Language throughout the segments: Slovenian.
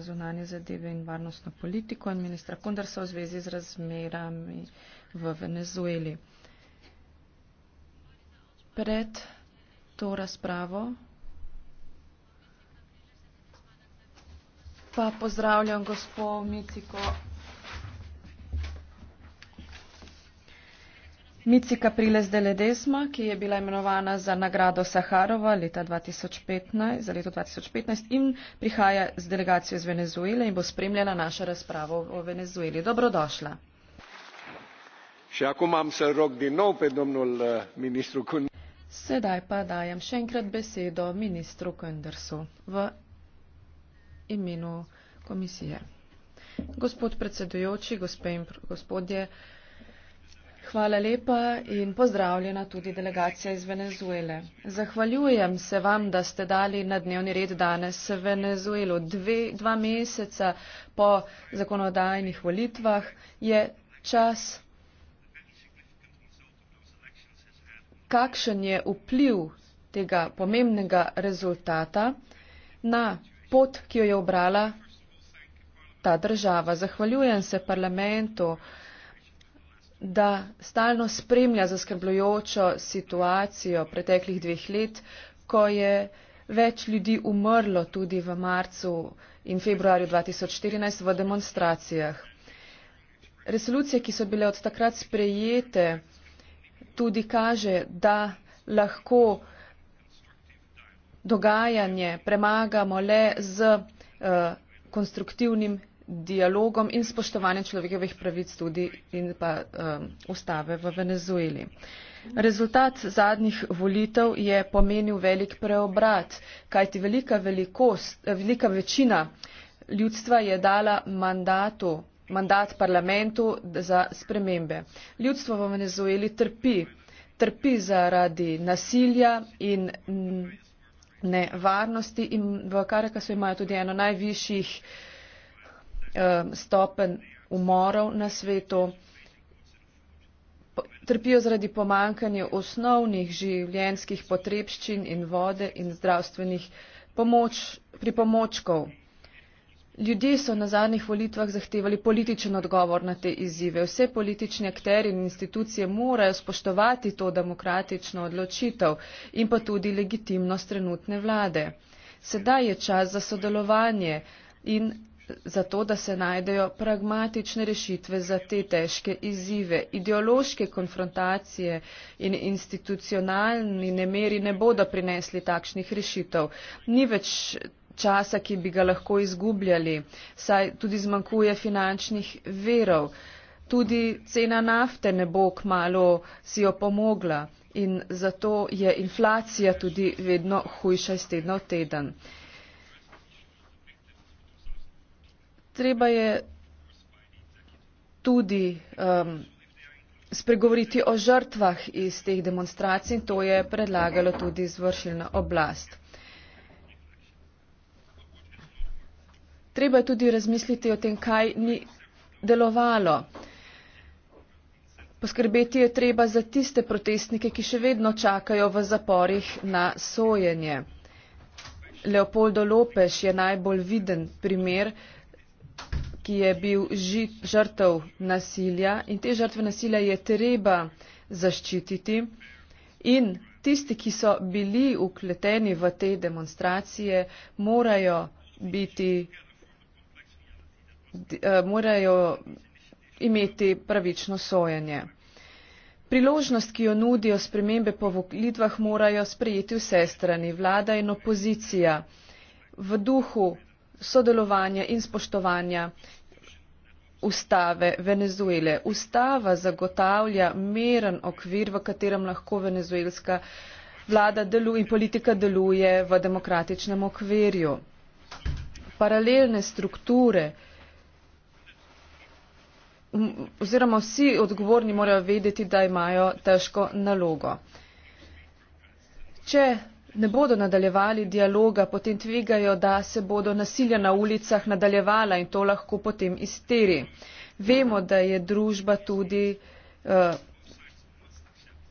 zunanje zadeve in varnostno politiko in ministra Kondarsa v zvezi z razmerami v Venezueli. Pred to razpravo pa pozdravljam gospod Miciko. Mici Capriles de Ledesma, ki je bila imenovana za nagrado Saharova leta 2015, za leto 2015 in prihaja z delegacijo iz Venezuele in bo spremljala našo razpravo o Venezueli. Dobrodošla. Uh, Sedaj pa dajem še enkrat besedo ministru Kendersu v imenu komisije. Gospod predsedujoči, gospe in gospodje, Hvala lepa in pozdravljena tudi delegacija iz Venezuele. Zahvaljujem se vam, da ste dali na dnevni red danes Venezuelo. Dve, dva meseca po zakonodajnih volitvah je čas. Kakšen je vpliv tega pomembnega rezultata na pot, ki jo je obrala ta država? Zahvaljujem se parlamentu da stalno spremlja zaskrbljujočo situacijo preteklih dveh let, ko je več ljudi umrlo tudi v marcu in februarju 2014 v demonstracijah. Resolucije, ki so bile od takrat sprejete, tudi kaže, da lahko dogajanje premagamo le z uh, konstruktivnim dialogom in spoštovanjem človekovih pravic tudi in pa um, ustave v Venezueli. Rezultat zadnjih volitev je pomenil velik preobrat, kajti velika, velikost, velika večina ljudstva je dala mandatu, mandat parlamentu za spremembe. Ljudstvo v Venezueli trpi, trpi zaradi nasilja in mm, nevarnosti in v Karakasu imajo tudi eno najvišjih uh, Eh, stopen umorov na svetu, trpijo zaradi pomankanja osnovnih življenskih potrebščin in vode in zdravstvenih pomoč, pripomočkov. Ljudje so na zadnjih volitvah zahtevali političen odgovor na te izzive. Vse politične akteri in institucije morajo spoštovati to demokratično odločitev in pa tudi legitimnost trenutne vlade. Sedaj je čas za sodelovanje in zato da se najdejo pragmatične rešitve za te težke izzive. Ideološke konfrontacije in institucionalni nemeri ne bodo prinesli takšnih rešitev. Ni več časa, ki bi ga lahko izgubljali, saj tudi zmanjkuje finančnih verov. Tudi cena nafte ne bo kmalo si jo pomogla in zato je inflacija tudi vedno hujša iz tedna v teden. treba je tudi um, spregovoriti o žrtvah iz teh demonstracij in to je predlagalo tudi izvršilna oblast. Treba je tudi razmisliti o tem, kaj ni delovalo. Poskrbeti je treba za tiste protestnike, ki še vedno čakajo v zaporih na sojenje. Leopoldo Lopeš je najbolj viden primer, ki je bil žrtev nasilja in te žrtve nasilja je treba zaščititi. In tisti, ki so bili ukleteni v te demonstracije, morajo biti, eh, morajo imeti pravično sojenje. Priložnost, ki jo nudijo spremembe po volitvah, morajo sprejeti vse strani, vlada in opozicija, v duhu sodelovanja in spoštovanja ustave Venezuele. Ustava zagotavlja meren okvir, v katerem lahko venezuelska vlada deluje in politika deluje v demokratičnem okvirju. Paralelne strukture oziroma vsi odgovorni morajo vedeti, da imajo težko nalogo. Če ne bodo nadaljevali dialoga, potem tvegajo, da se bodo nasilja na ulicah nadaljevala in to lahko potem izteri. Vemo, da je družba tudi uh,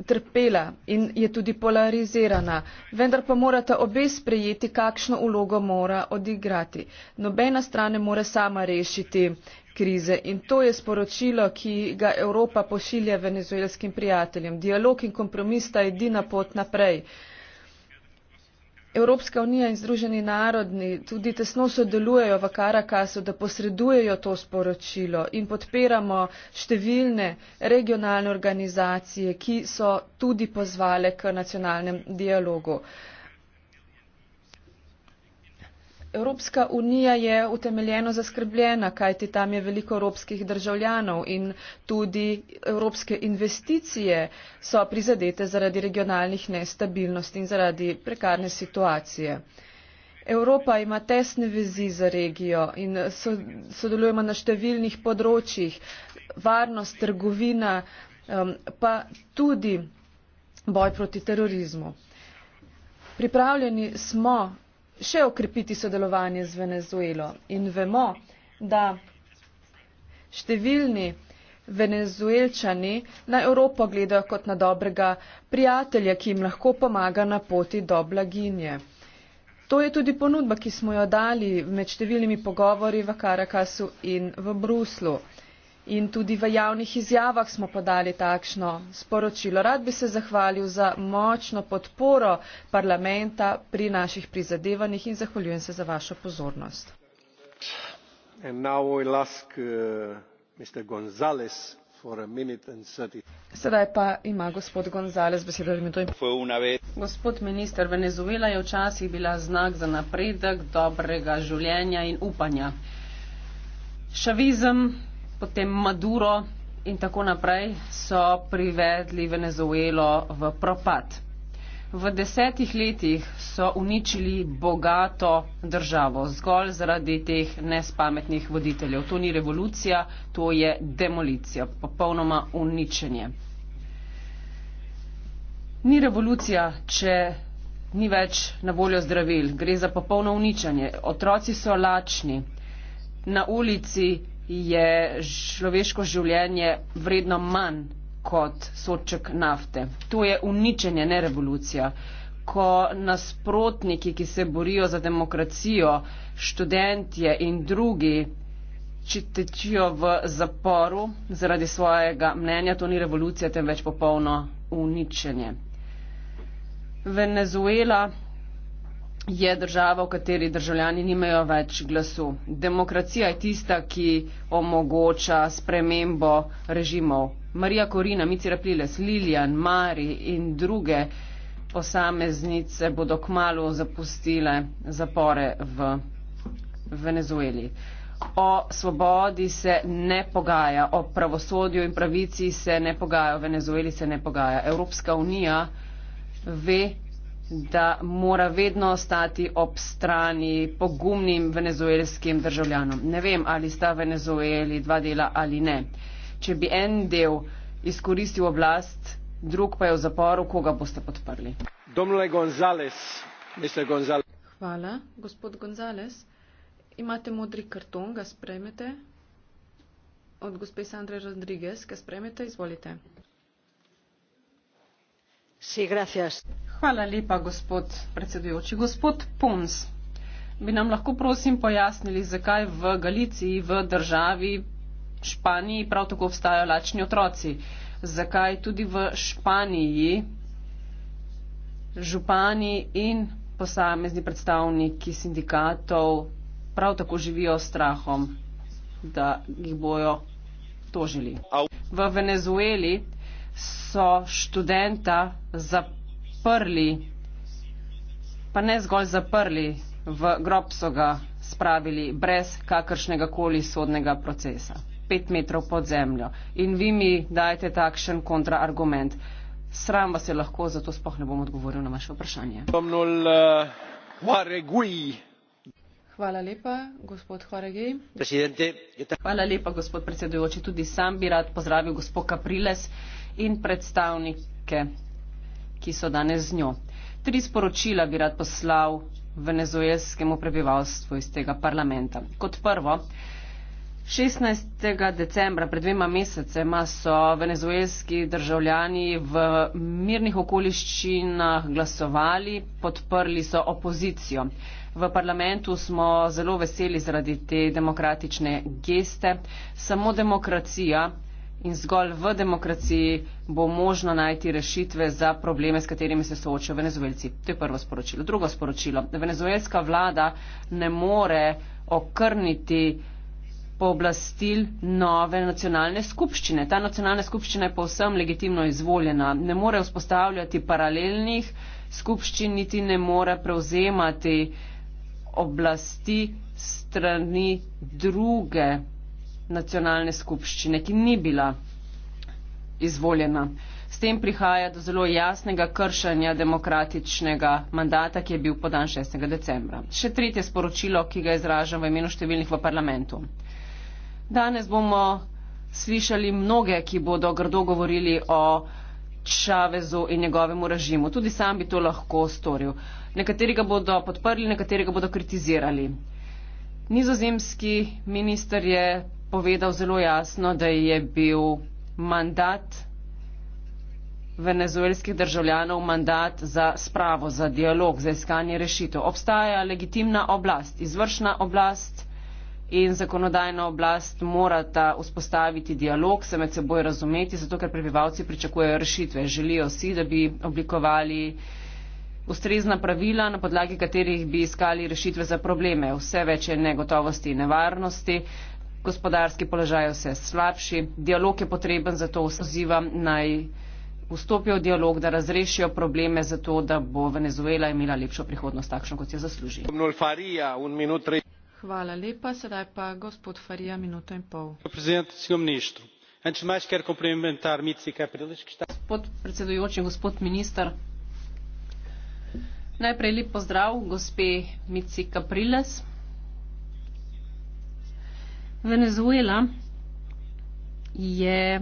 trpela in je tudi polarizirana, vendar pa morata obe sprejeti, kakšno ulogo mora odigrati. Nobena stran ne more sama rešiti krize in to je sporočilo, ki ga Evropa pošilja venezuelskim prijateljem. Dialog in kompromis sta edina pot naprej. Uh, Evropska unija in Združeni narodni tudi tesno sodelujejo v Karakasu, da posredujejo to sporočilo in podpiramo številne regionalne organizacije, ki so tudi pozvale k nacionalnem dialogu. Evropska unija je utemeljeno zaskrbljena, kajti tam je veliko evropskih državljanov in tudi evropske investicije so prizadete zaradi regionalnih nestabilnosti in zaradi prekarne situacije. Evropa ima tesne vezi za regijo in sodelujemo na številnih področjih. Varnost, trgovina um, pa tudi boj proti terorizmu. Pripravljeni smo še okrepiti sodelovanje z Venezuelo. In vemo, da številni venezuelčani na Evropo gledajo kot na dobrega prijatelja, ki jim lahko pomaga na poti do blaginje. To je tudi ponudba, ki smo jo dali med številnimi pogovori v Karakasu in v Bruslu in tudi v javnih izjavah smo podali takšno sporočilo. Rad bi se zahvalil za močno podporo parlamenta pri naših prizadevanjih in zahvaljujem se za vašo pozornost. Uh, Sedaj pa ima gospod Gonzales besedo. Gospod minister, Venezuela je včasih bila znak za napredek, dobrega življenja in upanja. Šavizem, potem Maduro in tako naprej so privedli Venezuelo v propad. V desetih letih so uničili bogato državo zgolj zaradi teh nespametnih voditeljev. To ni revolucija, to je demolicija, popolnoma uničenje. Ni revolucija, če ni več na voljo zdravil, gre za popolno uničenje. Otroci so lačni, na ulici je človeško življenje vredno manj kot soček nafte. To je uničenje, ne revolucija. Ko nasprotniki, ki se borijo za demokracijo, študentje in drugi čitečijo v zaporu zaradi svojega mnenja, to ni revolucija, temveč popolno uničenje. Venezuela je država, v kateri državljani nimajo več glasu. Demokracija je tista, ki omogoča spremembo režimov. Marija Korina, Micira Pliles, Lilian, Mari in druge posameznice bodo kmalo zapustile zapore v Venezueli. O svobodi se ne pogaja, o pravosodju in pravici se ne pogaja, o Venezueli se ne pogaja. Evropska unija ve, da mora vedno stati ob strani pogumnim venezuelskim državljanom. Ne vem, ali sta Venezueli dva dela ali ne. Če bi en del izkoristil oblast, drug pa je v zaporu, koga boste podprli? Gonzales, Gonzales. Hvala, gospod Gonzales. Imate modri karton, ga sprejmete. Od gospe Sandre Rodriguez, ga sprejmete, izvolite. Sí, Hvala lepa, gospod predsedujoči. Gospod Pons, bi nam lahko prosim pojasnili, zakaj v Galiciji, v državi Španiji prav tako obstajajo lačni otroci? Zakaj tudi v Španiji župani in posamezni predstavniki sindikatov prav tako živijo strahom, da jih bojo tožili? V Venezueli so študenta zaprli zaprli, pa ne zgolj zaprli, v grob so ga spravili brez kakršnega koli sodnega procesa, pet metrov pod zemljo. In vi mi dajete takšen kontraargument. Sram vas je lahko, zato spoh ne bom odgovoril na vaše vprašanje. Eh, Hvala lepa, gospod Horegej. Hvala lepa, gospod predsedujoči. Tudi sam bi rad pozdravil gospod Capriles in predstavnike ki so danes z njo. Tri sporočila bi rad poslal venezuelskemu prebivalstvu iz tega parlamenta. Kot prvo, 16. decembra pred dvema mesecema so venezuelski državljani v mirnih okoliščinah glasovali, podprli so opozicijo. V parlamentu smo zelo veseli zaradi te demokratične geste. Samo demokracija in zgolj v demokraciji bo možno najti rešitve za probleme, s katerimi se soočajo venezuelci. To je prvo sporočilo. Drugo sporočilo. Venezuelska vlada ne more okrniti pooblastil nove nacionalne skupščine. Ta nacionalna skupščina je povsem legitimno izvoljena. Ne more vzpostavljati paralelnih skupščin, niti ne more prevzemati oblasti strani druge nacionalne skupščine, ki ni bila izvoljena. S tem prihaja do zelo jasnega kršanja demokratičnega mandata, ki je bil podan 6. decembra. Še tretje sporočilo, ki ga izražam v imenu številnih v parlamentu. Danes bomo slišali mnoge, ki bodo grdo govorili o Čavezu in njegovemu režimu. Tudi sam bi to lahko storil. Nekateri ga bodo podprli, nekateri ga bodo kritizirali. Nizozemski minister je povedal zelo jasno, da je bil mandat venezuelskih državljanov mandat za spravo, za dialog, za iskanje rešitev. Obstaja legitimna oblast, izvršna oblast in zakonodajna oblast morata vzpostaviti dialog, se med seboj razumeti, zato ker prebivalci pričakujejo rešitve. Želijo si, da bi oblikovali ustrezna pravila, na podlagi katerih bi iskali rešitve za probleme. Vse več je negotovosti in nevarnosti gospodarski položaj vse slabši, dialog je potreben, zato pozivam naj vstopijo v dialog, da razrešijo probleme za to, da bo Venezuela imela lepšo prihodnost, takšno kot je zasluži. Hvala lepa, sedaj pa gospod Farija, minuto in pol. Gospod predsedujoči, gospod minister, najprej lep pozdrav gospe Mici Capriles. Venezuela je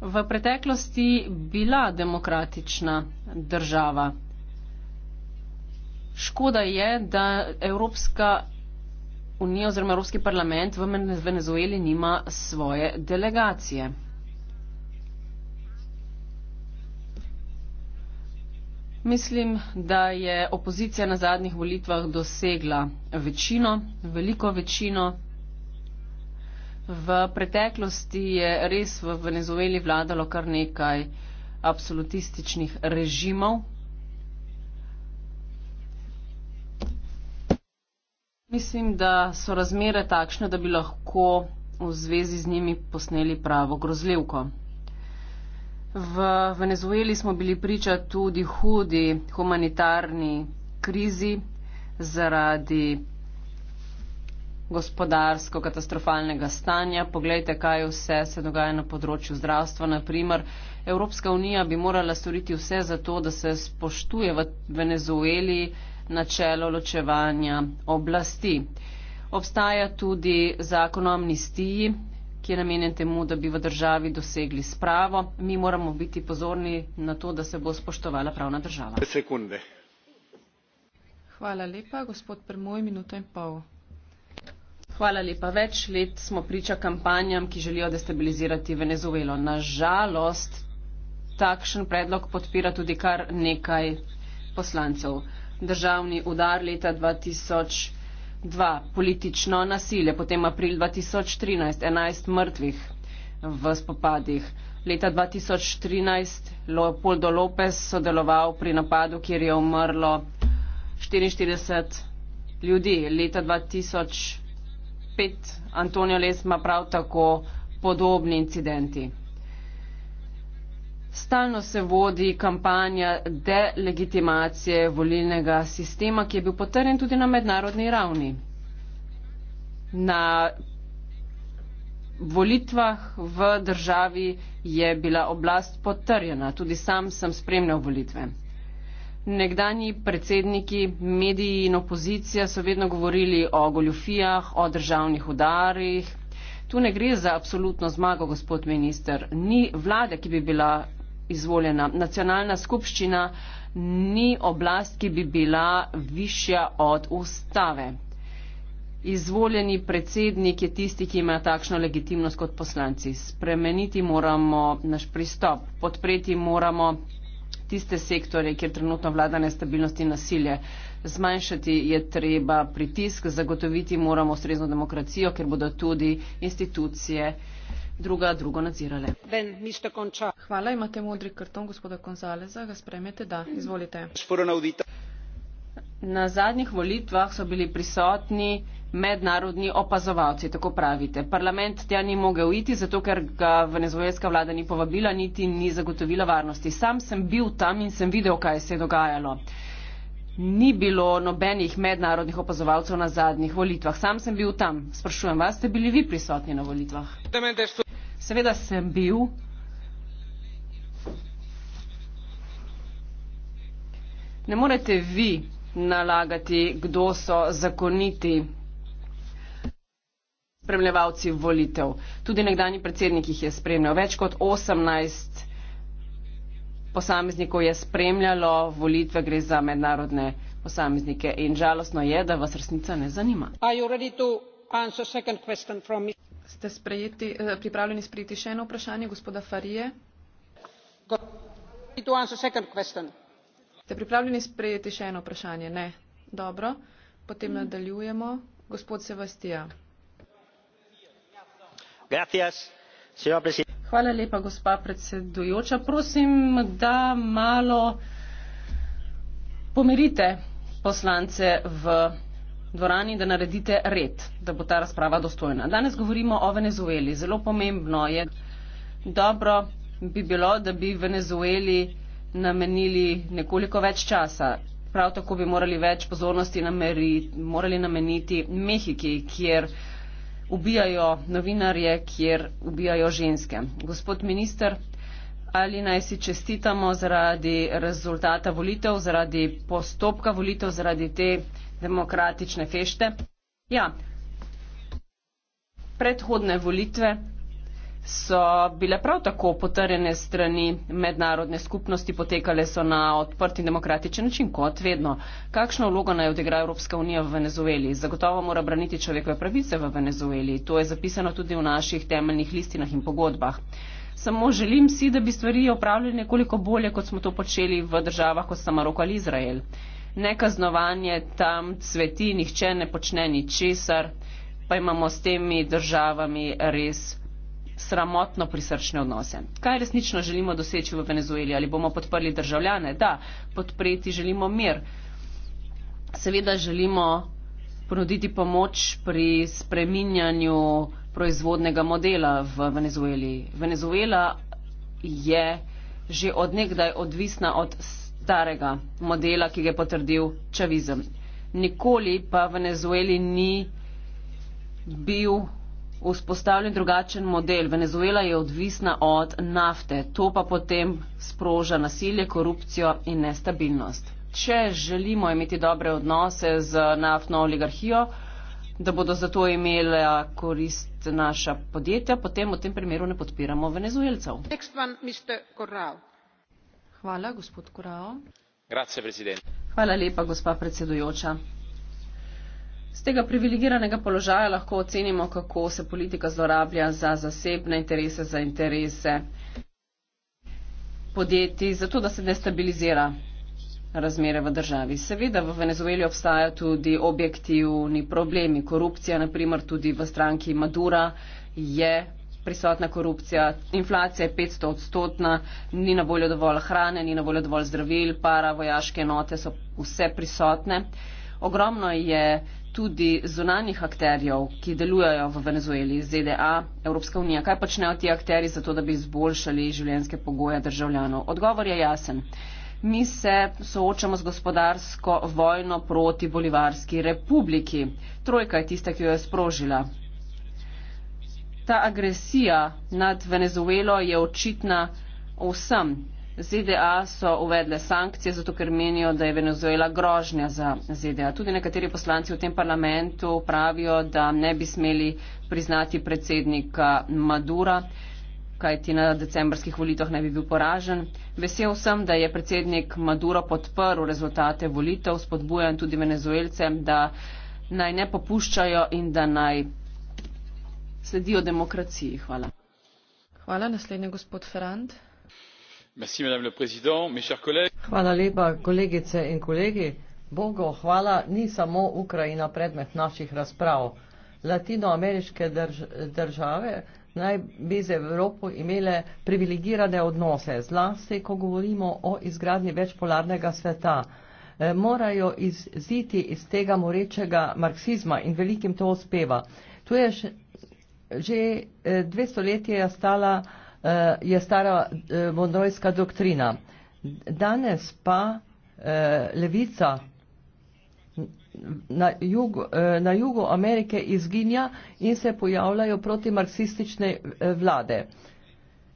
v preteklosti bila demokratična država. Škoda je, da Evropska unija oziroma Evropski parlament v Venezueli nima svoje delegacije. Mislim, da je opozicija na zadnjih volitvah dosegla večino, veliko večino. V preteklosti je res v Venezueli vladalo kar nekaj absolutističnih režimov. Mislim, da so razmere takšne, da bi lahko v zvezi z njimi posneli pravo grozljivko. V Venezueli smo bili priča tudi hudi humanitarni krizi zaradi gospodarsko-katastrofalnega stanja. Poglejte, kaj vse se dogaja na področju zdravstva. Naprimer, Evropska unija bi morala storiti vse za to, da se spoštuje v Venezueli načelo ločevanja oblasti. Obstaja tudi zakon o amnistiji, ki je namenjen temu, da bi v državi dosegli spravo. Mi moramo biti pozorni na to, da se bo spoštovala pravna država. Sekunde. Hvala lepa, gospod Premoj, minuto in pol. Hvala lepa. Več let smo priča kampanjam, ki želijo destabilizirati Venezuelo. Na žalost takšen predlog podpira tudi kar nekaj poslancev. Državni udar leta 2000 dva politično nasilje, potem april 2013 enajst mrtvih v spopadih. Leta 2013 Leopoldo López sodeloval pri napadu, kjer je umrlo 44 ljudi. Leta 2005 Antonio Lesma prav tako podobni incidenti. Stalno se vodi kampanja delegitimacije volilnega sistema, ki je bil potrjen tudi na mednarodni ravni. Na volitvah v državi je bila oblast potrjena, tudi sam sem spremljal volitve. Nekdani predsedniki, mediji in opozicija so vedno govorili o goljufijah, o državnih udarih. Tu ne gre za absolutno zmago, gospod minister. Ni vlade, ki bi bila izvoljena. Nacionalna skupščina ni oblast, ki bi bila višja od ustave. Izvoljeni predsednik je tisti, ki ima takšno legitimnost kot poslanci. Spremeniti moramo naš pristop, podpreti moramo tiste sektore, kjer trenutno vlada nestabilnost in nasilje. Zmanjšati je treba pritisk, zagotoviti moramo ustrezno demokracijo, ker bodo tudi institucije druga drugo nadzirale. Na zadnjih volitvah so bili prisotni mednarodni opazovalci, tako pravite. Parlament tja ni mogel iti, zato ker ga venezuelska vlada ni povabila, niti ni zagotovila varnosti. Sam sem bil tam in sem videl, kaj se je dogajalo ni bilo nobenih mednarodnih opazovalcev na zadnjih volitvah. Sam sem bil tam. Sprašujem vas, ste bili vi prisotni na volitvah? Seveda sem bil. Ne morete vi nalagati, kdo so zakoniti spremljevalci volitev. Tudi nekdani predsednik jih je spremljal. Več kot 18 let posameznikov je spremljalo volitve, gre za mednarodne posameznike in žalostno je, da vas resnica ne zanima. Ste sprejeti, eh, pripravljeni sprejeti še eno vprašanje gospoda Farije? Ste pripravljeni sprejeti še eno vprašanje? Ne. Dobro. Potem mm. nadaljujemo. Gospod Sevastija. Gracias, Hvala lepa, gospa predsedujoča. Prosim, da malo pomirite poslance v dvorani, da naredite red, da bo ta razprava dostojna. Danes govorimo o Venezueli. Zelo pomembno je, dobro bi bilo, da bi Venezueli namenili nekoliko več časa. Prav tako bi morali več pozornosti nameri, morali nameniti Mehiki, kjer ubijajo novinarje, kjer ubijajo ženske. Gospod minister, ali naj si čestitamo zaradi rezultata volitev, zaradi postopka volitev, zaradi te demokratične fešte? Ja. Predhodne volitve so bile prav tako potrjene strani mednarodne skupnosti, potekale so na odprti demokratičen način kot vedno. Kakšno vlogo naj odigra Evropska unija v Venezueli? Zagotovo mora braniti človekove pravice v Venezueli. To je zapisano tudi v naših temeljnih listinah in pogodbah. Samo želim si, da bi stvari opravljali nekoliko bolje, kot smo to počeli v državah, kot sta Maroko ali Izrael. Nekaznovanje tam sveti, nihče ne počne ni česar, pa imamo s temi državami res sramotno prisrčne odnose. Kaj resnično želimo doseči v Venezueli? Ali bomo podprli državljane? Da, podpreti želimo mir. Seveda želimo ponuditi pomoč pri spreminjanju proizvodnega modela v Venezueli. Venezuela je že odnegdaj odvisna od starega modela, ki ga je potrdil Čavizem. Nikoli pa Venezueli ni bil vzpostavljen drugačen model. Venezuela je odvisna od nafte, to pa potem sproža nasilje, korupcijo in nestabilnost. Če želimo imeti dobre odnose z naftno oligarhijo, da bodo zato imela korist naša podjetja, potem v tem primeru ne podpiramo venezuelcev. Hvala, gospod Korao. Hvala lepa, gospa predsedujoča. Z tega privilegiranega položaja lahko ocenimo, kako se politika zlorablja za zasebne interese, za interese podjetij, zato da se destabilizira razmere v državi. Seveda v Venezueli obstaja tudi objektivni problemi. Korupcija, naprimer tudi v stranki Madura, je prisotna korupcija, inflacija je 500 odstotna, ni na voljo dovolj hrane, ni na voljo dovolj zdravil, para, vojaške note so vse prisotne. Ogromno je tudi zunanjih akterjev, ki delujejo v Venezueli, ZDA, Evropska unija. Kaj počnejo ti akteri za to, da bi izboljšali življenjske pogoje državljanov? Odgovor je jasen. Mi se soočamo z gospodarsko vojno proti Bolivarski republiki. Trojka je tista, ki jo je sprožila. Ta agresija nad Venezuelo je očitna vsem ZDA so uvedle sankcije, zato ker menijo, da je Venezuela grožnja za ZDA. Tudi nekateri poslanci v tem parlamentu pravijo, da ne bi smeli priznati predsednika Madura, kajti na decembrskih volitvah ne bi bil poražen. Vesel sem, da je predsednik Maduro podprl rezultate volitev, spodbujam tudi venezuelcem, da naj ne popuščajo in da naj sledijo demokraciji. Hvala. Hvala, naslednji gospod Ferrand hvala lepa kolegice in kolegi bogu hvala ni samo ukrajina predmet naših razprav latinoameriške drž države naj bi z evropo imele privilegirane odnose zlasti ko govorimo o izgradnji večpolarnega sveta e, morajo iziti iz tega morečega marksizma in velikim to uspeva tu je že e, dve stoletje stala je stara Monrojska eh, doktrina. Danes pa eh, levica na jugu, eh, na jugu Amerike izginja in se pojavljajo proti marksistične vlade.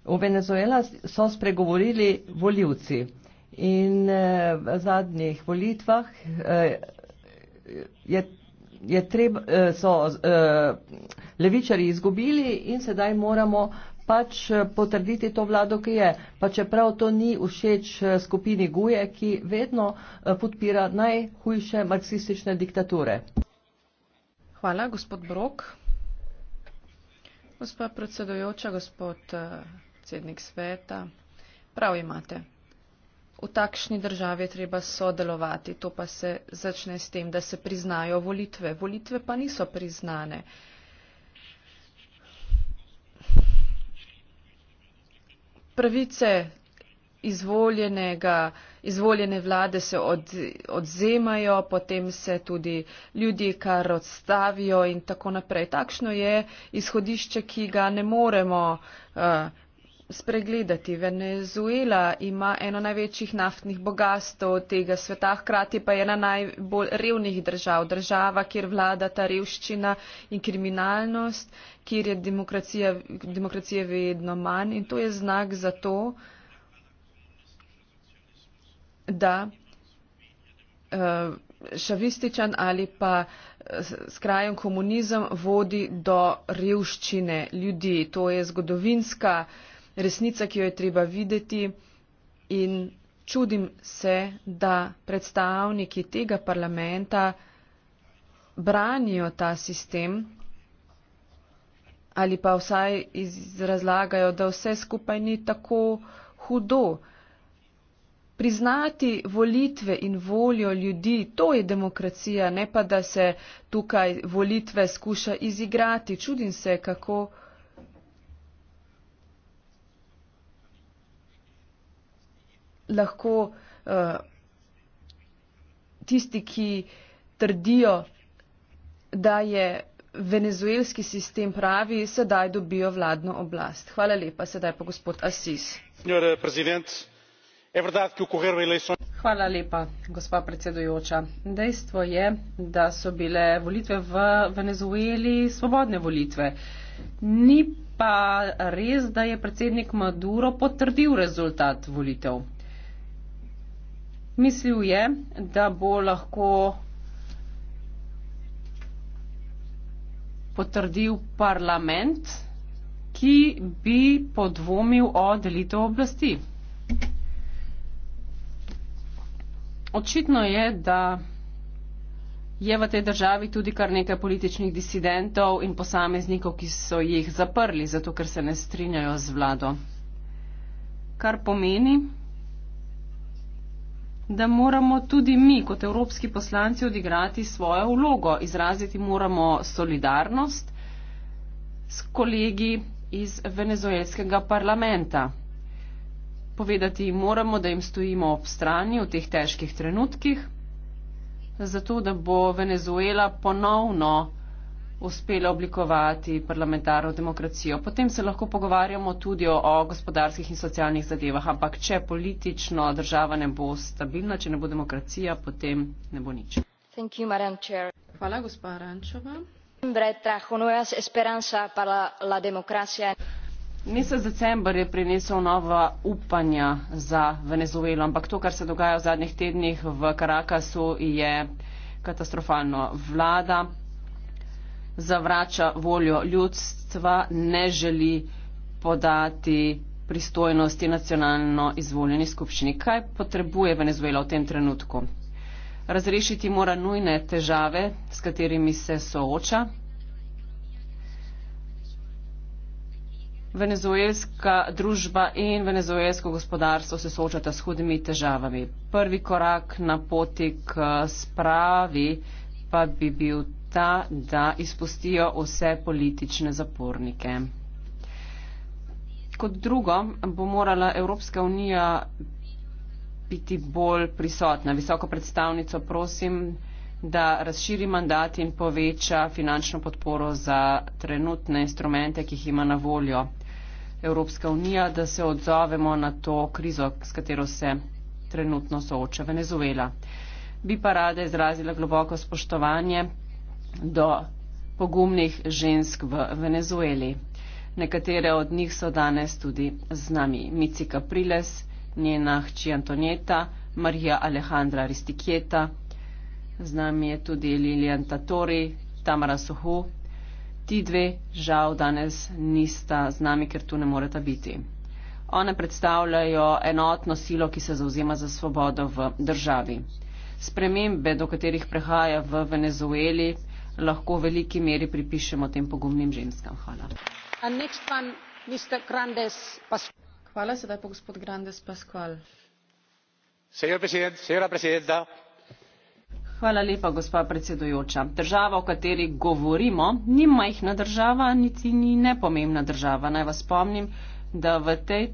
V Venezuela so spregovorili voljivci in v zadnjih volitvah je, je treba, so levičari izgubili in sedaj moramo pač eh, potrditi to vlado, ki je. Pa čeprav to ni všeč eh, skupini Guje, ki vedno eh, podpira najhujše marksistične diktature. Hvala, gospod Brok. Gospa predsedojoča, gospod predsednik sveta, prav imate. V takšni državi je treba sodelovati, to pa se začne s tem, da se priznajo volitve. Volitve pa niso priznane. Uh, pravice izvoljenega, izvoljene vlade se od, odzemajo, potem se tudi ljudje kar odstavijo in tako naprej. Takšno je izhodišče, ki ga ne moremo uh, spregledati. Venezuela ima eno največjih naftnih bogastov tega sveta, hkrati pa je ena najbolj revnih držav. Država, kjer vlada ta revščina in kriminalnost, kjer je demokracija, demokracija vedno manj in to je znak za to, da eh, šavističan ali pa eh, skrajen komunizem vodi do revščine ljudi. To je zgodovinska resnica, ki jo je treba videti in čudim se, da predstavniki tega parlamenta branijo ta sistem ali pa vsaj razlagajo, da vse skupaj ni tako hudo. Priznati volitve in voljo ljudi, to je demokracija, ne pa da se tukaj volitve skuša izigrati. Čudim se, kako. lahko uh, tisti, ki trdijo, da je venezuelski sistem pravi, sedaj dobijo vladno oblast. Hvala lepa, sedaj pa gospod Asis. Eh, Hvala lepa, gospa predsedujoča. Dejstvo je, da so bile volitve v Venezueli svobodne volitve. Ni pa res, da je predsednik Maduro potrdil rezultat volitev. Mislil je, da bo lahko potrdil parlament, ki bi podvomil o delitev oblasti. Očitno je, da je v tej državi tudi kar nekaj političnih disidentov in posameznikov, ki so jih zaprli, zato ker se ne strinjajo z vlado. Kar pomeni, da moramo tudi mi kot evropski poslanci odigrati svojo vlogo, izraziti moramo solidarnost s kolegi iz venezuelskega parlamenta. Povedati jim moramo, da jim stojimo ob strani v teh težkih trenutkih, zato da bo Venezuela ponovno uspelo oblikovati parlamentarno demokracijo. Potem se lahko pogovarjamo tudi o gospodarskih in socialnih zadevah, ampak če politično država ne bo stabilna, če ne bo demokracija, potem ne bo nič. You, Hvala, gospa Rančova. Mesec decembr je prinesel nova upanja za Venezuelo, ampak to, kar se dogaja v zadnjih tednih v Karakasu, je katastrofalno. Vlada zavrača voljo ljudstva, ne želi podati pristojnosti nacionalno izvoljeni skupščini. Kaj potrebuje Venezuela v tem trenutku? Razrešiti mora nujne težave, s katerimi se sooča. Venezuelska družba in venezuelsko gospodarstvo se soočata s hudimi težavami. Prvi korak na poti k spravi pa bi bil ta, da izpustijo vse politične zapornike. Kot drugo bo morala Evropska unija biti bolj prisotna. Visoko predstavnico prosim, da razširi mandat in poveča finančno podporo za trenutne instrumente, ki jih ima na voljo Evropska unija, da se odzovemo na to krizo, s katero se trenutno sooča Venezuela. Bi pa rada izrazila globoko spoštovanje do pogumnih žensk v Venezueli. Nekatere od njih so danes tudi z nami. Mici Capriles, njena hči Antonieta, Marija Alejandra Aristikieta, z nami je tudi Lilian Tatori, Tamara Suhu. Ti dve žal danes nista z nami, ker tu ne moreta biti. One predstavljajo enotno silo, ki se zauzema za svobodo v državi. Spremembe, do katerih prehaja v Venezueli, lahko v veliki meri pripišemo tem pogumnim ženskam. Hvala. Hvala, sedaj pa gospod Grandes Pascual. Hvala lepa, gospa predsedujoča. Država, o kateri govorimo, ni majhna država, niti ni nepomembna država. Naj vas spomnim, da v tej,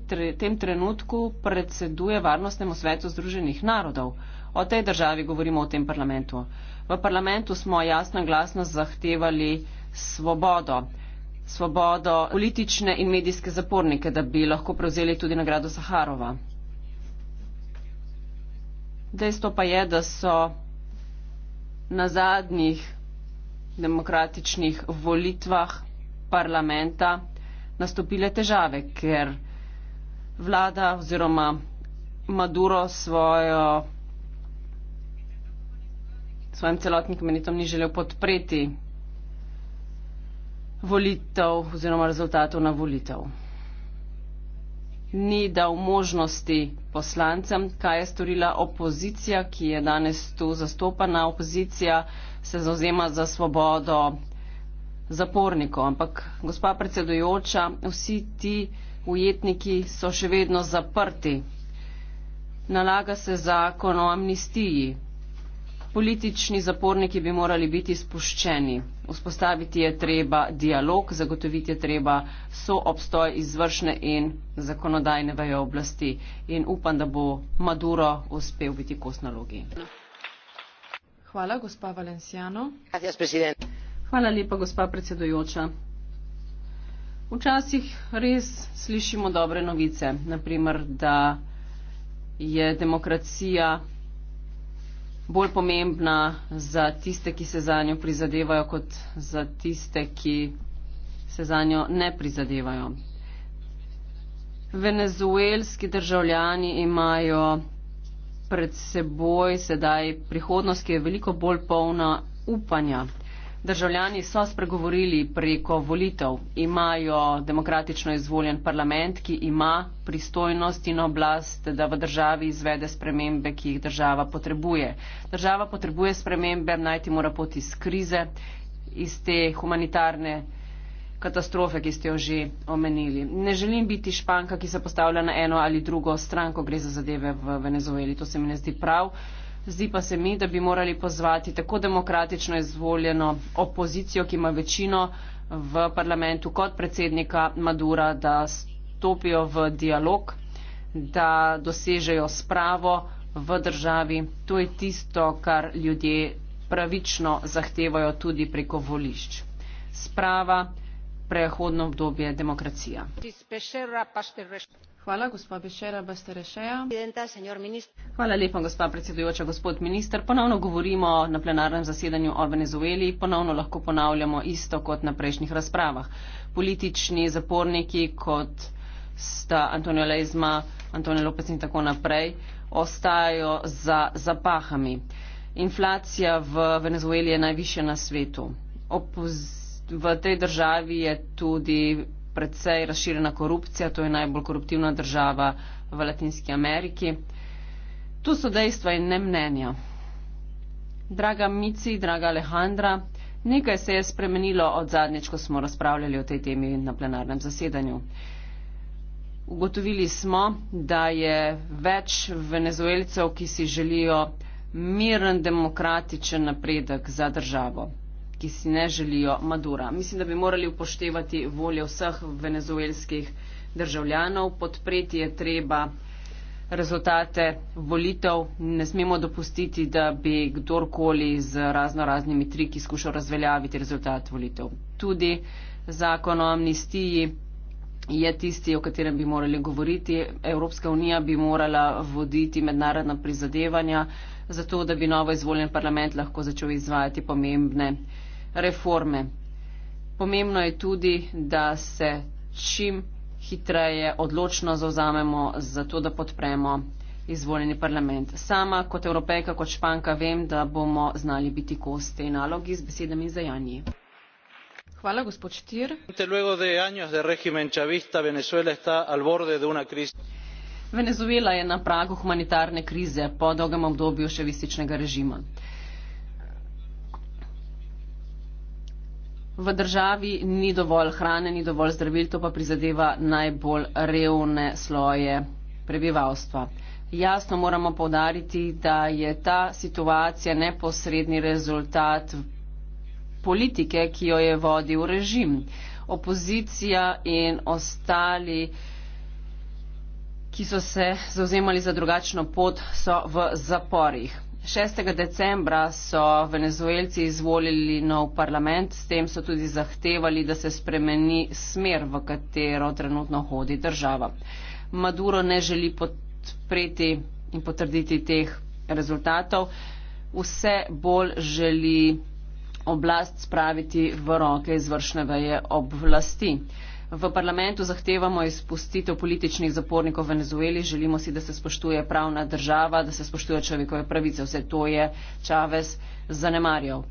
tem trenutku predseduje Varnostnemu svetu Združenih narodov. O tej državi govorimo v tem parlamentu. V parlamentu smo jasno in glasno zahtevali svobodo. Svobodo politične in medijske zapornike, da bi lahko prevzeli tudi nagrado Saharova. Dejstvo pa je, da so na zadnjih demokratičnih volitvah parlamenta nastopile težave, ker vlada oziroma Maduro svojo svojim celotnim kamenitom ni želel podpreti volitev oziroma rezultatov na volitev. Ni dal možnosti poslancem, kaj je storila opozicija, ki je danes tu zastopana. Opozicija se zauzema za svobodo zaporniko. Ampak, gospa predsedujoča, vsi ti ujetniki so še vedno zaprti. Nalaga se zakon o amnistiji, Politični zaporniki bi morali biti spuščeni. Vzpostaviti je treba dialog, zagotoviti je treba soobstoj izvršne in zakonodajne veje oblasti. In upam, da bo Maduro uspel biti kos nalogi. Hvala, gospa Valenciano. Hvala lepa, gospa predsedujoča. Včasih res slišimo dobre novice, naprimer, da je demokracija bolj pomembna za tiste, ki se za njo prizadevajo, kot za tiste, ki se za njo ne prizadevajo. Venezuelski državljani imajo pred seboj sedaj prihodnost, ki je veliko bolj polna upanja državljani so spregovorili preko volitev, imajo demokratično izvoljen parlament, ki ima pristojnost in oblast, da v državi izvede spremembe, ki jih država potrebuje. Država potrebuje spremembe, najti mora pot iz krize, iz te humanitarne katastrofe, ki ste jo že omenili. Ne želim biti španka, ki se postavlja na eno ali drugo stran, ko gre za zadeve v Venezueli. To se mi ne zdi prav. Zdi pa se mi, da bi morali pozvati tako demokratično izvoljeno opozicijo, ki ima večino v parlamentu, kot predsednika Madura, da stopijo v dialog, da dosežejo spravo v državi. To je tisto, kar ljudje pravično zahtevajo tudi preko volišč. Sprava, prehodno obdobje, demokracija. Hvala, gospa Bešera Bastarešeja. Hvala lepa, gospa predsedujoča, gospod minister. Ponovno govorimo na plenarnem zasedanju o Venezueli, ponovno lahko ponavljamo isto kot na prejšnjih razpravah. Politični zaporniki kot sta Antonio Leizma, Antonio Lopez in tako naprej ostajajo za zapahami. Inflacija v Venezueli je najvišja na svetu. Opoz v tej državi je tudi precej razširjena korupcija, to je najbolj koruptivna država v Latinski Ameriki. Tu so dejstva in ne mnenja. Draga Mici, draga Alejandra, nekaj se je spremenilo od zadnjič, ko smo razpravljali o tej temi na plenarnem zasedanju. Ugotovili smo, da je več venezuelcev, ki si želijo miren, demokratičen napredek za državo ki si ne želijo Madura. Mislim, da bi morali upoštevati voljo vseh venezuelskih državljanov, podpreti je treba rezultate volitev, ne smemo dopustiti, da bi kdorkoli z razno raznimi triki skušal razveljaviti rezultat volitev. Tudi zakon o amnestiji je tisti, o katerem bi morali govoriti. Evropska unija bi morala voditi mednarodna prizadevanja, zato da bi novo izvoljen parlament lahko začel izvajati pomembne reforme. Pomembno je tudi, da se čim hitreje odločno zauzamemo za to, da podpremo izvoljeni parlament. Sama kot evropejka, kot španka vem, da bomo znali biti kos te nalogi z besedami in zajanji. Hvala, gospod Štir. Venezuela je na pragu humanitarne krize po dolgem obdobju ševističnega režima. v državi ni dovolj hrane, ni dovolj zdravil, to pa prizadeva najbolj revne sloje prebivalstva. Jasno moramo povdariti, da je ta situacija neposredni rezultat politike, ki jo je vodil režim. Opozicija in ostali, ki so se zauzemali za drugačno pot, so v zaporih. 6. decembra so venezuelci izvolili nov parlament, s tem so tudi zahtevali, da se spremeni smer, v katero trenutno hodi država. Maduro ne želi podpreti in potrditi teh rezultatov, vse bolj želi oblast spraviti v roke izvršne veje oblasti. V parlamentu zahtevamo izpustitev političnih zapornikov v Venezueli, želimo si, da se spoštuje pravna država, da se spoštuje človekove pravice. Vse to je Čavez zanemarjal.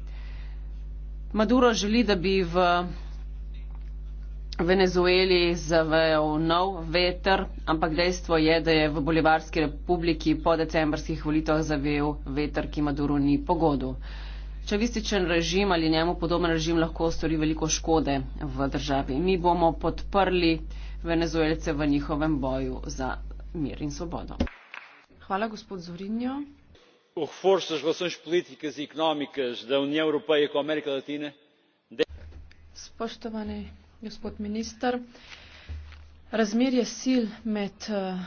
Maduro želi, da bi v Venezueli zavejal nov veter, ampak dejstvo je, da je v Bolivarski republiki po decembrskih volitvah zavejal veter, ki Maduro ni pogodil. Čavističen režim ali njemu podoben režim lahko stori veliko škode v državi. Mi bomo podprli venezuelce v njihovem boju za mir in svobodo. Hvala, gospod Zorinjo. E Spoštovani gospod minister, razmerje sil med. Uh,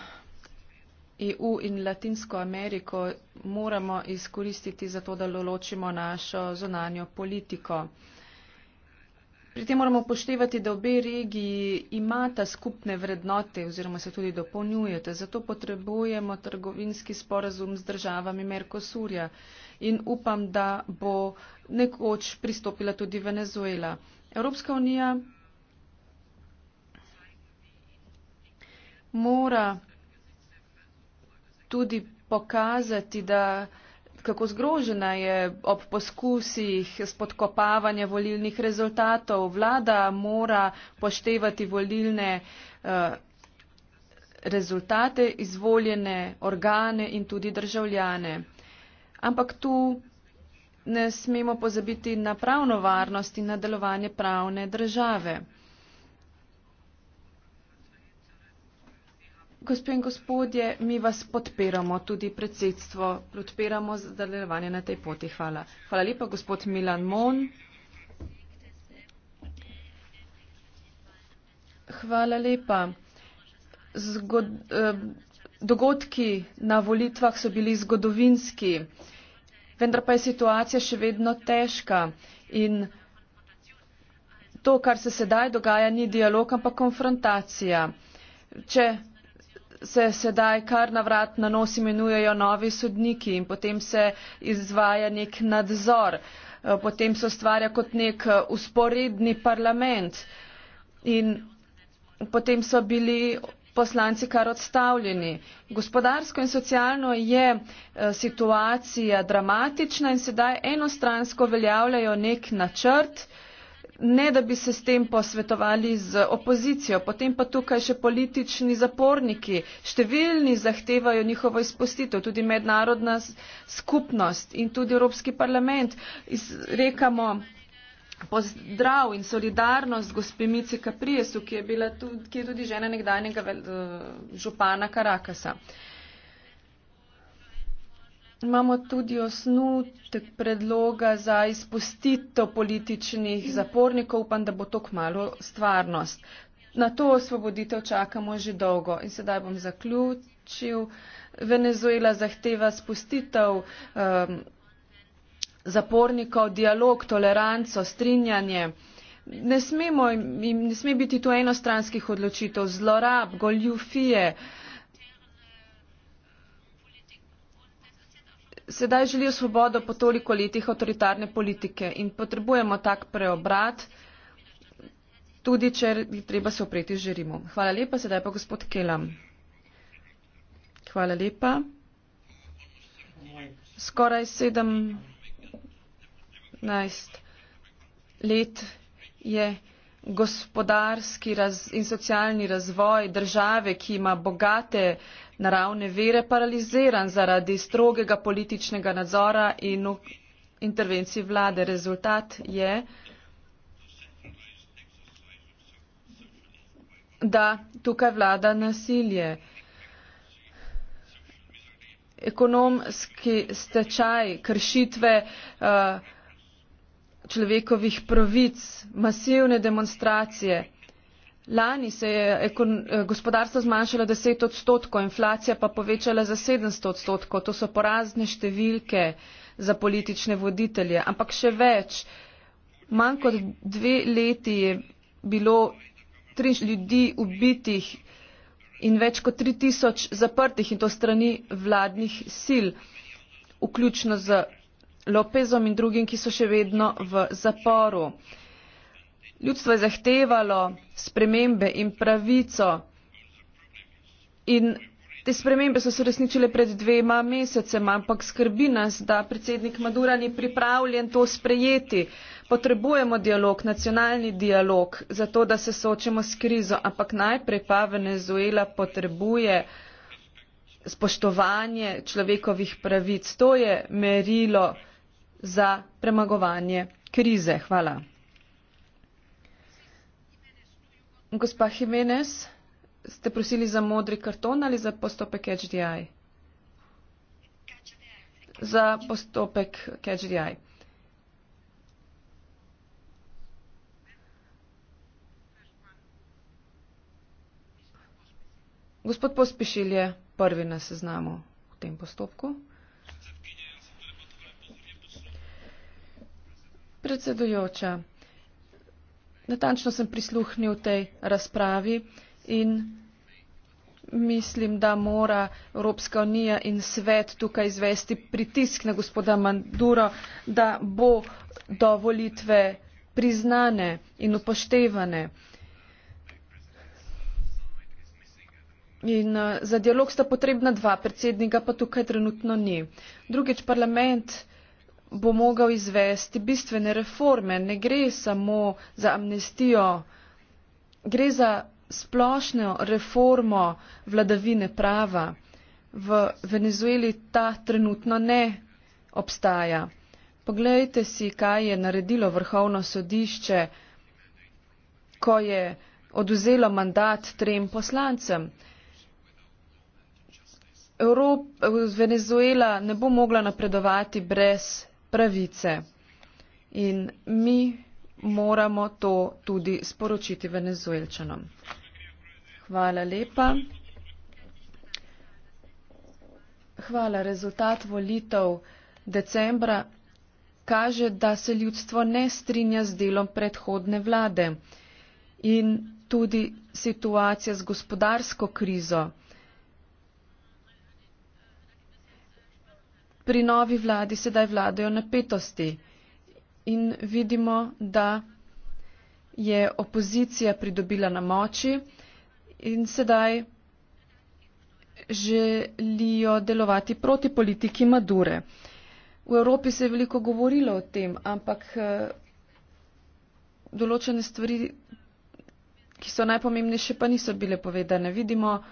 EU in Latinsko Ameriko moramo izkoristiti za to, da določimo našo zonanjo politiko. Pri tem moramo poštevati, da obe regiji imata skupne vrednote oziroma se tudi dopolnjujete. Zato potrebujemo trgovinski sporazum z državami Merkosurja in upam, da bo nekoč pristopila tudi Venezuela. Evropska unija mora tudi pokazati, da kako zgrožena je ob poskusih spodkopavanja volilnih rezultatov. Vlada mora poštevati volilne uh, rezultate, izvoljene organe in tudi državljane. Ampak tu ne smemo pozabiti na pravno varnost in na delovanje pravne države. Gospe in gospodje, mi vas podpiramo, tudi predsedstvo podpiramo za delovanje na tej poti. Hvala. Hvala lepa, gospod Milan Mon. Hvala lepa. Zgod, eh, dogodki na volitvah so bili zgodovinski, vendar pa je situacija še vedno težka in to, kar se sedaj dogaja, ni dialog, ampak konfrontacija. Če se sedaj kar na vrat na nos imenujejo novi sodniki in potem se izvaja nek nadzor, eh, potem se ustvarja kot nek usporedni eh, parlament in potem so bili poslanci kar odstavljeni. Gospodarsko in socialno je eh, situacija dramatična in sedaj enostransko veljavljajo nek načrt, ne da bi se s tem posvetovali z opozicijo, potem pa tukaj še politični zaporniki. Številni zahtevajo njihovo izpustitev, tudi mednarodna skupnost in tudi Evropski parlament. Rekamo pozdrav in solidarnost gospemici Kapriesu, ki je, tudi, ki je tudi žena nekdanjega eh, župana Karakasa. Uh, Imamo tudi osnutek predloga za izpustitev političnih zapornikov, upam, da bo to kmalo stvarnost. Na to osvoboditev čakamo že dolgo in sedaj bom zaključil. Venezuela zahteva spustitev um, zapornikov, dialog, toleranco, strinjanje. Ne, smemo, ne sme biti tu enostranskih odločitev, zlorab, goljufije. Uh, sedaj želijo svobodo po toliko letih avtoritarne politike in potrebujemo tak preobrat, tudi če je treba se opreti žirimu. Hvala lepa, sedaj pa gospod Kelam. Hvala lepa. Skoraj sedem najst let je gospodarski raz, in socialni razvoj države, ki ima bogate uh, naravne vere paraliziran zaradi strogega političnega nadzora in intervencij vlade. Rezultat je, da tukaj vlada nasilje. Ekonomski stečaj, kršitve uh, človekovih pravic, masivne demonstracije, Lani se je eh, gospodarstvo zmanjšalo deset odstotkov, inflacija pa povečala za sedemsto odstotkov. To so porazne številke za politične voditelje. Ampak še več, manj kot dve leti je bilo tri ljudi ubitih in več kot tri tisoč zaprtih in to strani vladnih sil, vključno z Lopezom in drugim, ki so še vedno v zaporu ljudstvo je zahtevalo spremembe in pravico in te spremembe so se resničile pred dvema mesecema, ampak skrbi nas, da predsednik Madura ni pripravljen to sprejeti. Potrebujemo dialog, nacionalni dialog, zato da se soočimo s krizo, ampak najprej pa Venezuela potrebuje spoštovanje človekovih pravic. To je merilo za premagovanje krize. Hvala. Gospa Jimenez, ste prosili za modri karton ali za postopek HDI? Za postopek KGDI. Gospod Pospišil je prvi na seznamu v tem postopku. Predsedujoča natančno sem prisluhnil tej razpravi in mislim, da mora Evropska unija in svet tukaj izvesti pritisk na gospoda Manduro, da bo dovolitve priznane in upoštevane. In eh, za dialog sta potrebna dva, predsednika pa tukaj trenutno ni. Drugič parlament bo mogel izvesti bistvene reforme. Ne gre samo za amnestijo, gre za splošno reformo vladavine prava. V Venezueli ta trenutno ne obstaja. Poglejte si, kaj je naredilo vrhovno sodišče, ko je oduzelo mandat trem poslancem. Evrop, Venezuela ne bo mogla napredovati brez pravice. In mi moramo to tudi sporočiti venezuelčanom. Hvala lepa. Hvala. Rezultat volitev decembra kaže, da se ljudstvo ne strinja z delom predhodne vlade in tudi situacija z gospodarsko krizo. pri novi vladi sedaj vladajo napetosti in vidimo, da je opozicija pridobila na moči in sedaj želijo delovati proti politiki Madure. V Evropi se je veliko govorilo o tem, ampak eh, določene stvari, ki so najpomembnejše, pa niso bile povedane. Vidimo, da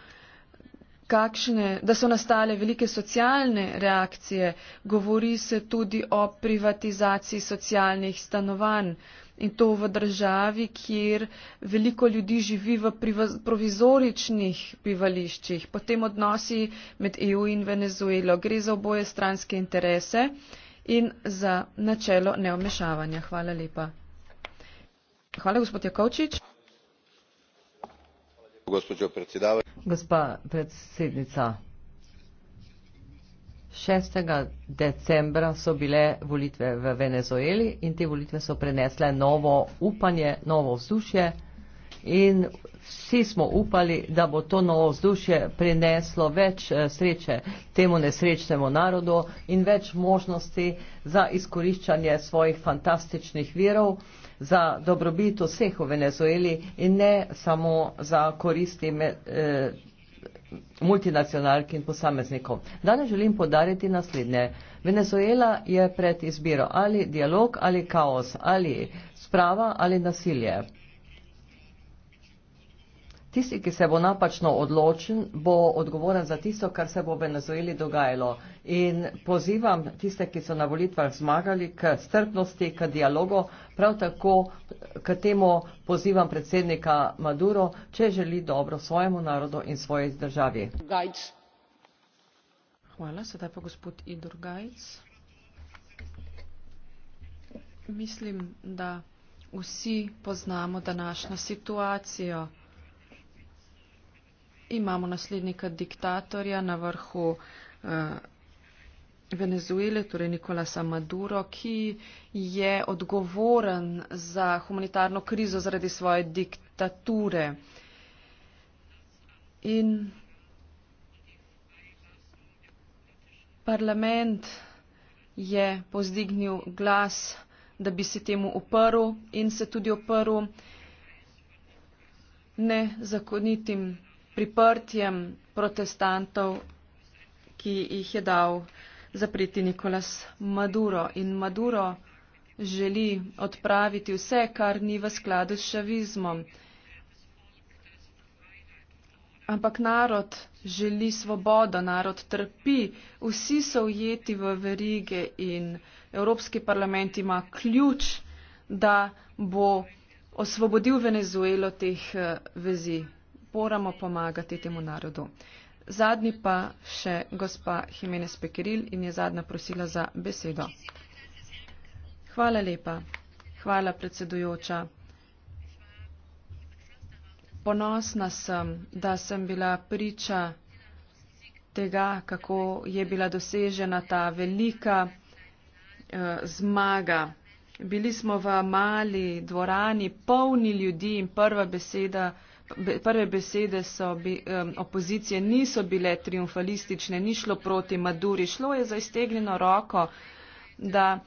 kakšne, da so nastale velike socialne reakcije. Govori se tudi o privatizaciji socialnih stanovanj in to v državi, kjer veliko ljudi živi v provizoričnih bivališčih. Potem odnosi med EU in Venezuelo. Gre za oboje stranske interese in za načelo neomešavanja. Hvala lepa. Hvala, gospod Jakovčič. Gospa predsednica, 6. decembra so bile volitve v Venezueli in te volitve so prenesle novo upanje, novo vzdušje in vsi smo upali, da bo to novo vzdušje prineslo več eh, sreče temu nesrečnemu narodu in več možnosti za izkoriščanje svojih fantastičnih virov za dobrobit vseh v Venezueli in ne samo za koristi eh, multinacionalk in posameznikov. Danes želim podariti naslednje. Venezuela je pred izbiro ali dialog ali kaos ali sprava ali nasilje. Tisti, ki se bo napačno odločen, bo odgovoren za tisto, kar se bo v Venezueli dogajalo. In pozivam tiste, ki so na volitvah zmagali, k strpnosti, k dialogu. Prav tako k temu pozivam predsednika Maduro, če želi dobro svojemu narodu in svoji državi. Gajc. Hvala, sedaj pa gospod Idor Gajc. Mislim, da vsi poznamo današnjo situacijo imamo naslednika diktatorja na vrhu eh, Venezuele, torej Nikolasa Maduro, ki je odgovoren za humanitarno krizo zaradi svoje diktature. In parlament je pozdignil glas, da bi se temu uprl in se tudi uprl nezakonitim priprtjem protestantov, ki jih je dal zapriti Nikolas Maduro. In Maduro želi odpraviti vse, kar ni v skladu s šavizmom. Ampak narod želi svobodo, narod trpi, vsi so ujeti v verige in Evropski parlament ima ključ, da bo osvobodil Venezuelo teh eh, vezi moramo pomagati temu narodu. Zadnji pa še gospa Jimenez Pekeril in je zadnja prosila za besedo. Hvala lepa. Hvala predsedujoča. Ponosna sem, da sem bila priča tega, kako je bila dosežena ta velika eh, zmaga. Bili smo v mali dvorani, polni ljudi in prva beseda prve besede so, bi, um, opozicije niso bile triumfalistične, ni šlo proti Maduri, šlo je za iztegnjeno roko, da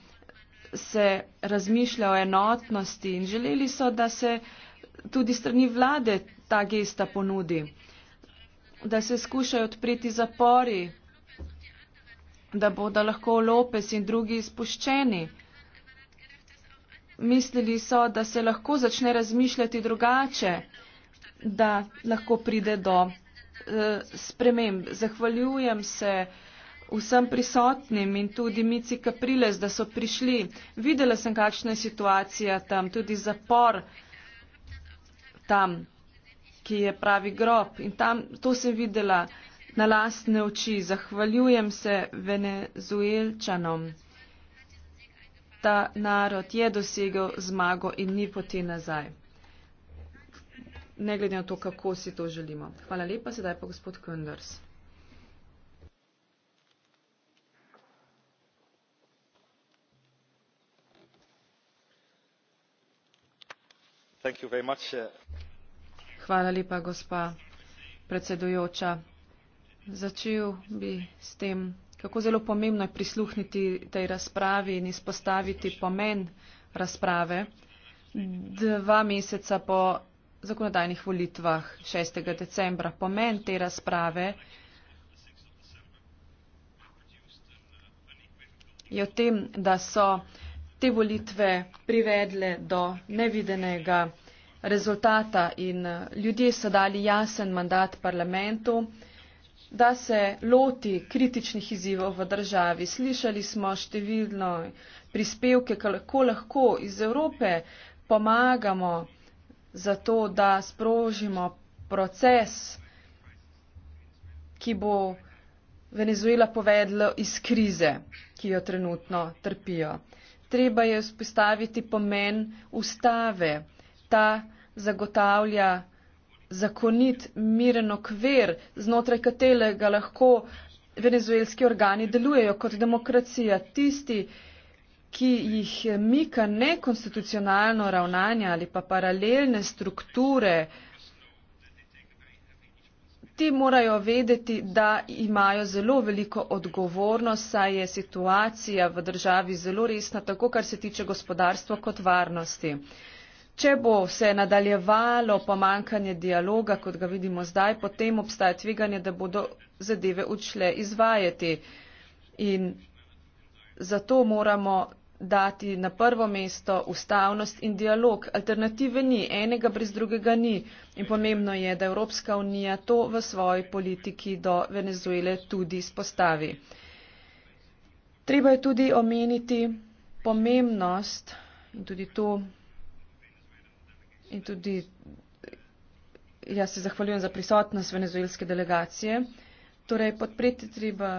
se razmišlja o enotnosti in želeli so, da se tudi strani vlade ta gesta ponudi, da se skušajo odpreti zapori, da bodo lahko Lopes in drugi izpuščeni. Mislili so, da se lahko začne razmišljati drugače da lahko pride do uh, sprememb. Zahvaljujem se vsem prisotnim in tudi Mici Kapriles, da so prišli. Videla sem, kakšna je situacija tam, tudi zapor tam, ki je pravi grob. In tam to sem videla na lastne oči. Zahvaljujem se venezuelčanom. Ta narod je dosegel zmago in ni poti nazaj ne glede na to, kako si to želimo. Hvala lepa, sedaj pa gospod Kunders. Uh, Hvala lepa, gospa predsedujoča. Začel bi s tem, kako zelo pomembno je prisluhniti tej razpravi in izpostaviti pomen razprave. Dva meseca po zakonodajnih volitvah 6. decembra. Pomen te razprave je v tem, da so te volitve privedle do nevidenega rezultata in eh, ljudje so dali jasen mandat parlamentu, da se loti kritičnih izzivov v državi. Slišali smo številno prispevke, kako lahko iz Evrope pomagamo za to, da sprožimo proces, ki bo Venezuela povedlo iz krize, ki jo trenutno trpijo. Treba je vzpostaviti pomen ustave. Ta zagotavlja zakonit miren okvir, znotraj katerega lahko venezuelski organi delujejo kot demokracija. Tisti, ki jih mika nekonstitucionalno ravnanje ali pa paralelne strukture, ti morajo vedeti, da imajo zelo veliko odgovornost, saj je situacija v državi zelo resna, tako kar se tiče gospodarstva kot varnosti. Če bo se nadaljevalo pomankanje dialoga, kot ga vidimo zdaj, potem obstaja tveganje, da bodo zadeve odšle izvajati. In zato moramo dati na prvo mesto ustavnost in dialog. Alternative ni, enega brez drugega ni. In pomembno je, da Evropska unija to v svoji politiki do Venezuele tudi spostavi. Treba je tudi omeniti pomembnost in tudi to. In tudi jaz se zahvaljujem za prisotnost venezuelske delegacije. Torej, podpreti treba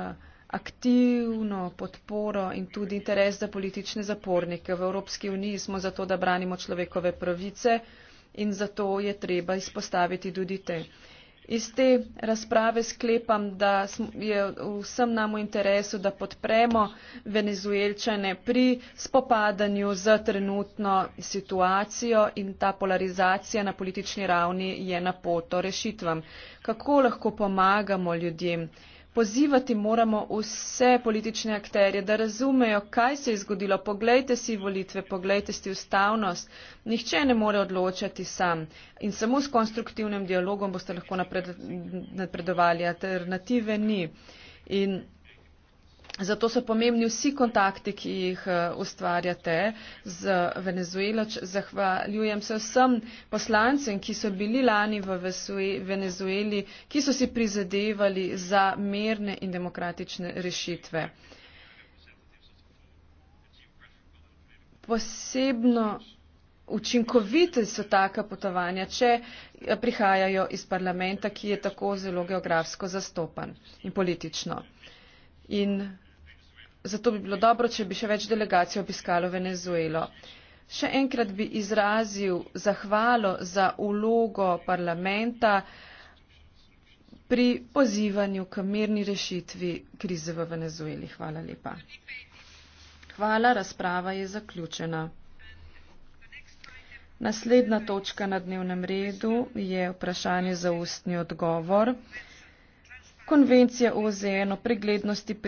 aktivno podporo in tudi interes za politične zapornike. V Evropski uniji smo zato, da branimo človekove pravice in zato je treba izpostaviti tudi te. Iz te razprave sklepam, da je vsem nam v interesu, da podpremo venezuelčane pri spopadanju z trenutno situacijo in ta polarizacija na politični ravni je na poto rešitvam. Kako lahko pomagamo ljudem? pozivati moramo vse politične akterje, da razumejo, kaj se je zgodilo. Poglejte si volitve, poglejte si ustavnost. Nihče ne more odločati sam in samo s konstruktivnim dialogom boste lahko napredovali, alternative ni. In Zato so pomembni vsi kontakti, ki jih eh, ustvarjate z Venezuelo. Zahvaljujem se vsem poslancem, ki so bili lani v Venezueli, ki so si prizadevali za merne in demokratične rešitve. Posebno učinkovite so taka potovanja, če eh, prihajajo iz parlamenta, ki je tako zelo geografsko zastopan in politično. In Zato bi bilo dobro, če bi še več delegacij obiskalo Venezuelo. Še enkrat bi izrazil zahvalo za ulogo parlamenta pri pozivanju k mirni rešitvi krize v Venezueli. Hvala lepa. Hvala, razprava je zaključena. Naslednja točka na dnevnem redu je vprašanje za ustni odgovor. Konvencija OZN o preglednosti.